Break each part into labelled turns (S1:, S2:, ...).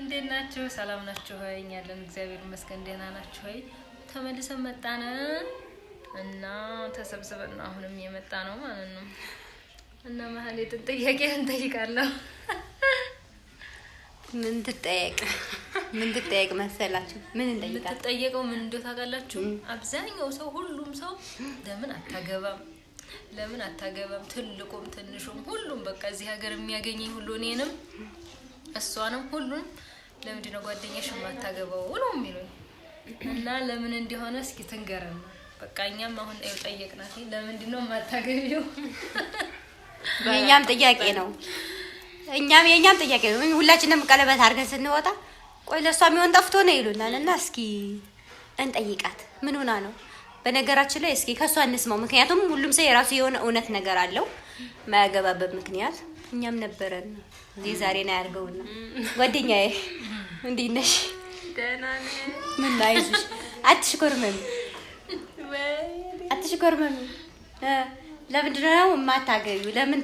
S1: እንዴት ናችሁ? ሰላም ናችሁ ወይ? እኛ ያለን እግዚአብሔር ይመስገን። ደህና ናችሁ ወይ? ተመልሰን መጣን እና ተሰብስበን ነው አሁንም የመጣ ነው ማለት ነው እና ማህሌትን ጥያቄ እንጠይቃለሁ።
S2: ምን ትጠየቅ ምን ትጠየቅ መሰላችሁ? ምን እንጠይቃለን?
S1: የምትጠየቀው ምን እንደው ታውቃላችሁ? አብዛኛው ሰው ሁሉም ሰው ለምን አታገባም ለምን አታገባም፣ ትልቁም ትንሹም ሁሉም በቃ እዚህ ሀገር የሚያገኘኝ ሁሉ እኔንም እሷንም ሁሉንም ለምንድን ነው ጓደኛሽ የማታገባው ነው የሚሉኝ እና ለምን እንደሆነ እስኪ ትንገረን ነው በቃ እኛም አሁን ይኸው ጠየቅናት ለምንድን ነው የማታገቢው
S2: የእኛም ጥያቄ ነው እኛም የእኛም ጥያቄ ነው ሁላችንም ቀለበት አድርገን ስንወጣ ቆይ ለእሷ የሚሆን ጠፍቶ ነው ይሉናል እና እስኪ እንጠይቃት ምን ሆና ነው በነገራችን ላይ እስኪ ከእሷ እንስማው ምክንያቱም ሁሉም ሰው የራሱ የሆነ እውነት ነገር አለው የማያገባበት ምክንያት እኛም ነበረን እዚህ ዛሬ ነው ያርገውና ጓደኛዬ እንዴት ነሽ? ደህና ነኝ። ምን አይዞሽ፣ አትሽኮርመም፣ አትሽኮርመም። ለምንድን ነው የማታገቢው? ለምን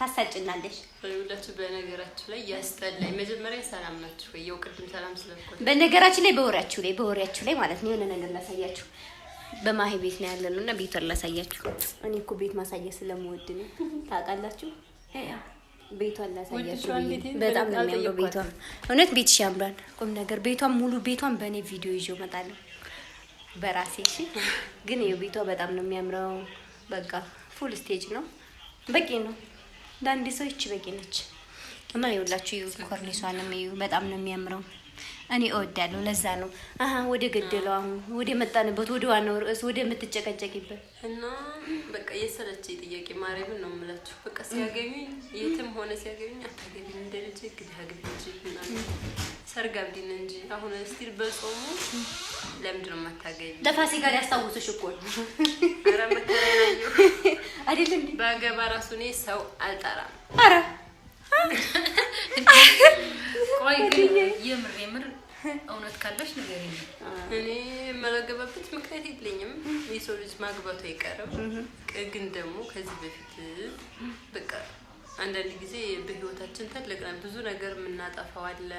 S2: ታሳጭናለሽ?
S1: ሁለቱ በነገራችሁ ላይ ያስጠላኝ። መጀመሪያ ሰላም ናችሁ ወይ? ያው ቅድም ሰላም ስለኮ
S2: በነገራችሁ ላይ በወሬያችሁ ላይ በወሬያችሁ ላይ ማለት ነው። የሆነ ነገር ላሳያችሁ። በማሂ ቤት ነው ያለነው እና ቤቷን ላሳያችሁ። እኔ እኮ ቤት ማሳየት ስለምወድ ነው ታውቃላችሁ። ቤቷን ላሳያችሁ። በጣም ነው የሚያምረው ቤቷም፣ እውነት ቤትሽ ያምራል። ቁም ነገር ቤቷም ሙሉ ቤቷን በእኔ ቪዲዮ ይዞ እመጣለሁ በራሴ እሺ። ግን ይኸው ቤቷ በጣም ነው የሚያምረው። በቃ ፉል ስቴጅ ነው፣ በቂ ነው። ለአንድ ሰው ይቺ በቂ ነች። እና ይኸውላችሁ፣ ኮርኒሷንም እዩ፣ በጣም ነው የሚያምረው። እኔ እወዳለሁ። ለዛ ነው አሀ ወደ ገደለው አሁን ወደ መጣንበት ወደ ዋናው ርዕስ ወደ የምትጨቀጨቂበት
S1: እና በቃ የሰለቸኝ ጥያቄ ማርያምን ነው የምላችሁ። በቃ ሲያገኙኝ የትም ሆነ ሲያገኙኝ አታገቢ እንደ ልጅ ግድ ግብጅ ሰርግ አብዲን እንጂ አሁን ስቲል በጾሙ ለምንድን ነው የማታገቢ?
S2: ለፋሲካ ሊያስታውሱሽ እኮ አይደለም።
S1: በገባ ራሱ እኔ ሰው አልጠራም። አረ ቆይ ግን የምር የምር እውነት ካለሽ ነገር እኔ የማላገባበት ምክንያት የለኝም። የሰው ልጅ ማግባቱ አይቀርም። ግን ደግሞ ከዚህ በፊት በቃ አንዳንድ ጊዜ በህይወታችን ተለቅናል። ብዙ ነገር የምናጠፋው አለ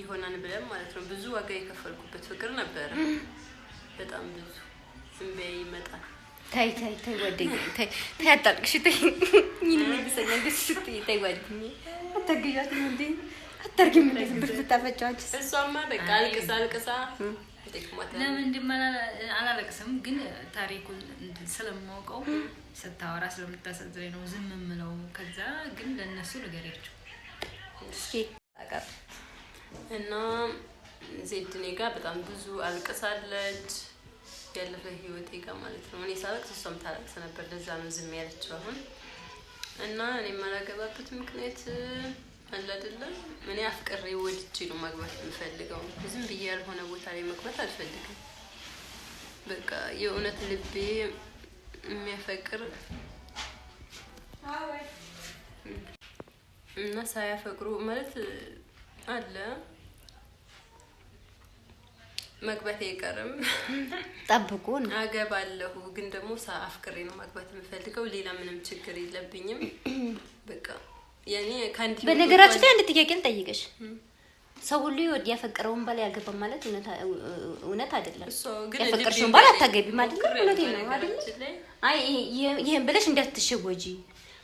S1: ይሆናል ብለን ማለት ነው። ብዙ ዋጋ የከፈልኩበት ፍቅር ነበረ። በጣም ብዙ እምቢ ይመጣል።
S2: ታይ ታይ ታይ ጓደኛዬ ታይ ታይ አጣልቅሽ ታይ ይህን ሚሰኛ ስትይ ታይ ጓደኛዬ አታገዣትም እንዴ አታርጊም እንዴ ብር ብታፈጫዎች።
S1: እሷማ በቃ አልቅሳ አልቅሳ ለምንድን አላለቅስም፣ ግን ታሪኩን ስለማውቀው ስታወራ ስለምታሳዝረኝ ነው ዝም ምለው። ከዛ ግን ለእነሱ ንገሪያቸው እና ዜድኔ ጋር በጣም ብዙ አልቅሳለች። ያለፈ ህይወቴ ጋር ማለት ነው። እኔ ሳለቅስ እሷም ታለቅስ ነበር። ለዛ ነው ዝም ያለችው አሁን እና እኔ የማላገባበት ምክንያት አይደለም እኔ አፍቅሬ ወድጄ ነው ማግባት የምፈልገው። ዝም ብዬ ያልሆነ ቦታ ላይ መግባት አልፈልግም። በቃ የእውነት ልቤ የሚያፈቅር እና ሳያፈቅሩ ማለት አለ መግባት አይቀርም። ጠብቁ አገባለሁ፣ ግን ደግሞ አፍቅሬ ነው ማግባት የምፈልገው። ሌላ ምንም ችግር የለብኝም በቃ
S2: በነገራችን ላይ አንድ ጥያቄ ልጠይቅሽ። ሰው ሁሉ ይወድ ያፈቀረውን ባል ያገባ ማለት እውነት አይደለም። ያፈቀርሽውን ባል አታገቢ ማለት ነው። ይህን ብለሽ እንዳትሸወጂ።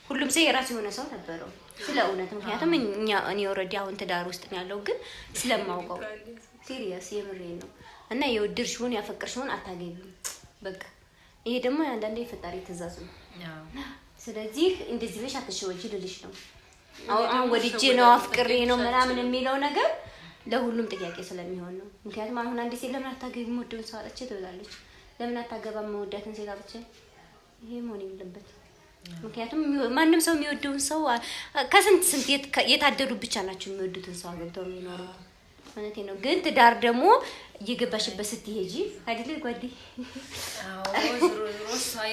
S2: ሁሉም ሰው የራሱ የሆነ ሰው ነበረው ስለ እውነት። ምክንያቱም እኛ እኔ ኦልሬዲ አሁን ትዳር ውስጥ ያለው፣ ግን ስለማውቀው ሲሪየስ የምሬ ነው እና የወደድሽውን ያፈቀርሽውን አታገቢም። በቃ ይሄ ደግሞ አንዳንዴ የፈጣሪ ትእዛዝ ነው። ስለዚህ እንደዚህ ብለሽ አትሸወጂ ልልሽ ነው። አሁን ወድጄ ነው አፍቅሬ ነው ምናምን የሚለው ነገር ለሁሉም ጥያቄ ስለሚሆን ነው። ምክንያቱም አሁን አንድ ሴት ለምን አታገቢ ወደውን ሰው አጥቼ ትብላለች። ለምን አታገባ መወዳትን ሴት አጥቼ? ይሄ መሆን የለበት። ምክንያቱም ማንም ሰው የሚወደውን ሰው ከስንት ስንት የታደሉ ብቻ ናቸው የሚወዱትን ሰው አገብተው የሚኖሩት። እውነቴ ነው። ግን ትዳር ደግሞ እየገባሽበት ስትሄጂ አይደለ ጓዴ?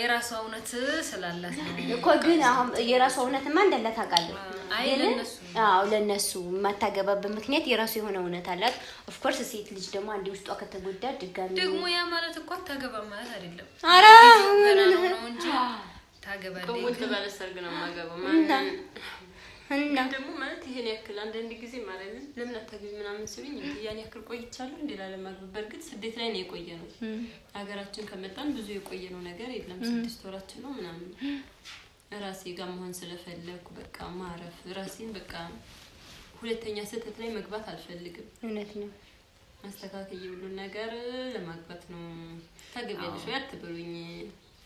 S1: የራሷ እውነት ስላላት
S2: እኮ ግን አሁን የራሷ እውነትማ አዎ ለእነሱ የማታገባበት ምክንያት የራሱ የሆነ እውነት አላት። ኦፍኮርስ ሴት ልጅ ደግሞ አንዴ ውስጧ ከተጎዳ ድጋሚ
S1: ደግሞ ያ ማለት እኮ አታገባ ማለት አይደለም። ኧረ ታገባለች። ነው እና ደግሞ ይሄን ያክል አንዳንድ ጊዜ ማለት ነው ለምን አታግቢ ምናምን ስሉኝ ያን ያክል ቆይቻለሁ እንዴ ላለማግበብ። በእርግጥ ስደት ላይ ነው የቆየ ነው። ሀገራችን ከመጣን ብዙ የቆየ ነው ነገር የለም። ስድስት ወራችን ነው ምናምን ራሴ ጋር መሆን ስለፈለግኩ በቃ ማረፍ ራሴን በቃ ሁለተኛ ስህተት ላይ መግባት አልፈልግም። እውነት ነው። ማስተካከል ሁሉን ነገር ለማግባት ነው። ታገቢያለሽ ወይ አትበሉኝ።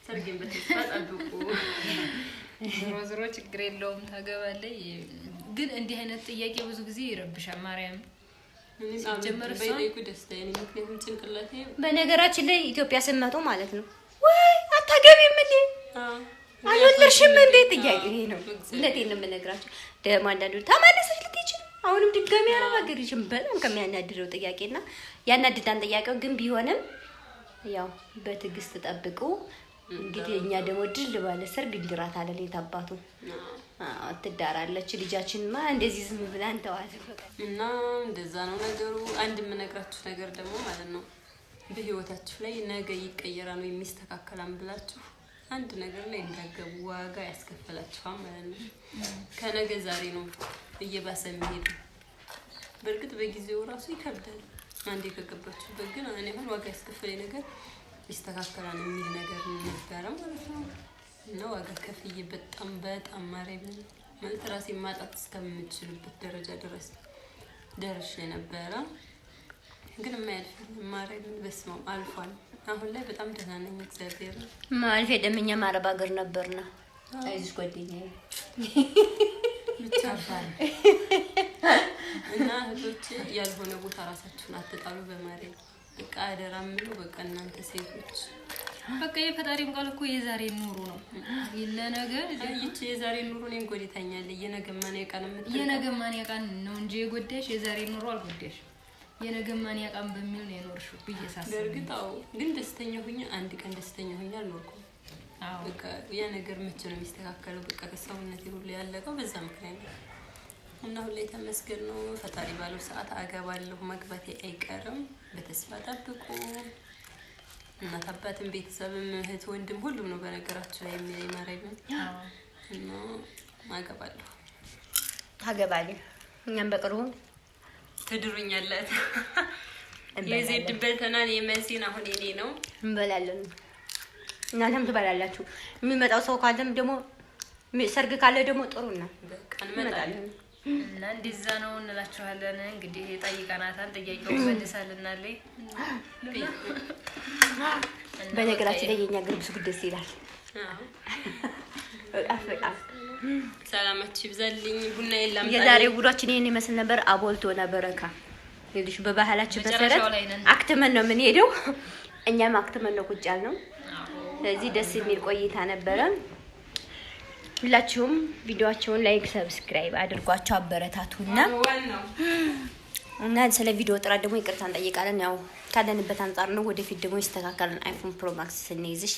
S1: ሰርጌን በተስፋ ጠብቁ። ዞሮ ዞሮ ችግር የለውም ታገባለይ ግን እንዲህ አይነት ጥያቄ ብዙ ጊዜ ይረብሻል። ማርያም
S2: በነገራችን ላይ ኢትዮጵያ ስመጡ ማለት ነው ወይ አታገቢም እንዴ አልወለድሽም እንዴ ጥያቄ ይሄ ነው። እንደት ነው የምነግራቸው። አንዳንዱ ተመለሰች ልትይች አሁንም ድጋሚ ይችም በጣም ከሚያናድረው ጥያቄና ያናድዳን ጥያቄው ግን ቢሆንም ያው በትዕግስት ጠብቁ። እንግዲህ እኛ ደግሞ ድል ባለ ሰርግ ድራት አለን። የታባቱ ትዳራለች ልጃችንማ እንደዚህ ዝም ብላን ተዋት
S1: እና እንደዛ ነው ነገሩ። አንድ የምነግራችሁ ነገር ደግሞ ማለት ነው በህይወታችሁ ላይ ነገ ይቀየራል ነው የሚስተካከላም ብላችሁ አንድ ነገር ላይ እንዳገቡ ዋጋ ያስከፈላችኋል ማለት ነው። ከነገ ዛሬ ነው እየባሰ የሚሄድ። በእርግጥ በጊዜው ራሱ ይከብዳል። አንዴ ከገባችሁበት ግን እኔ አሁን ዋጋ ያስከፈለኝ ነገር ይስተካከላል የሚል ነገር ነበረ ማለት ነው። እና ዋጋ ከፍዬ በጣም በጣም ማሬ ብለን ማለት ራሴ ማጣት እስከምችልበት ደረጃ ድረስ ደርሼ ነበረ። ግን የማያልፍ ማሬ ብለን በስመ አብ አልፏል። አሁን ላይ በጣም ደህና ነኝ። እግዚአብሔር
S2: ማልፍ የደምኛ ማረብ ሀገር ነበርና አይዞሽ ጓደኛዬ
S1: ብቻ እና እህቶች ያልሆነ ቦታ ራሳችሁን አትጣሉ በማሬ በቃ አደራ የምለው በቃ እናንተ ሴቶች በቃ የፈጣሪም ቃል እኮ የዛሬ ኑሮ ነው። ለነገ ይቺ የዛሬ ኑሮ እኔን ጎድታኛል። የነገማን ያቃን የምትል የነገማን ያቃን ነው እንጂ የጎዳሽ የዛሬ ኑሮ አልጎዳሽ። የነገማን ያቃን በሚል ነው የኖርሽው ብዬ ሳስብ፣ በእርግጥ አዎ። ግን ደስተኛ ሁኜ አንድ ቀን ደስተኛ ሁኜ አልኖርኩም። አዎ በቃ ያ ነገር መቼ ነው የሚስተካከለው? በቃ ከሰውነት ሁሉ ያለቀው በዛ ምክንያት ነው። እና ሁሌ ተመስገን ነው። ፈጣሪ ባለው ሰዓት አገባለሁ፣ መግባቴ አይቀርም። በተስፋ ጠብቁ። እናት አባትም፣ ቤተሰብም፣ እህት ወንድም፣ ሁሉም ነው በነገራችሁ ላይ የሚል ማረግ እና አገባለሁ
S2: ታገባለህ። እኛም በቅርቡ
S1: ትድሩኛለት የዜድ በልተናን የመሲን አሁን የኔ ነው
S2: እንበላለን። እናንተም ትበላላችሁ። የሚመጣው ሰው ካለም ደግሞ ሰርግ ካለ ደግሞ ጥሩ ነው። በቃ እንመጣለን።
S1: እና እንደዛ ነው እንላችኋለን። እንግዲህ ጠይቀናታን ጥያቄውን መልሳልናለኝ።
S2: በነገራችን ላይ የኛ ገር ብዙ ግደስ ይላል።
S1: ሰላማችሁ ይብዛልኝ። ቡና የለም።
S2: የዛሬው ጉዳችን ይህን ይመስል ነበር። አቦልቶ ነበረካ ልሽ በባህላችን መሰረት አክትመን ነው የምንሄደው። እኛም አክትመን ነው ቁጭ ያልነው። ስለዚህ ደስ የሚል ቆይታ ነበረ። ሁላችሁም ቪዲዮቸውን ላይክ ሰብስክራይብ አድርጓቸው አበረታቱና እና ስለ ቪዲዮ ጥራት ደግሞ ይቅርታ እንጠይቃለን። ያው ካለንበት አንጻር ነው። ወደፊት ደግሞ ይስተካከልን። አይፎን ማክስ ስንይዝ እሺ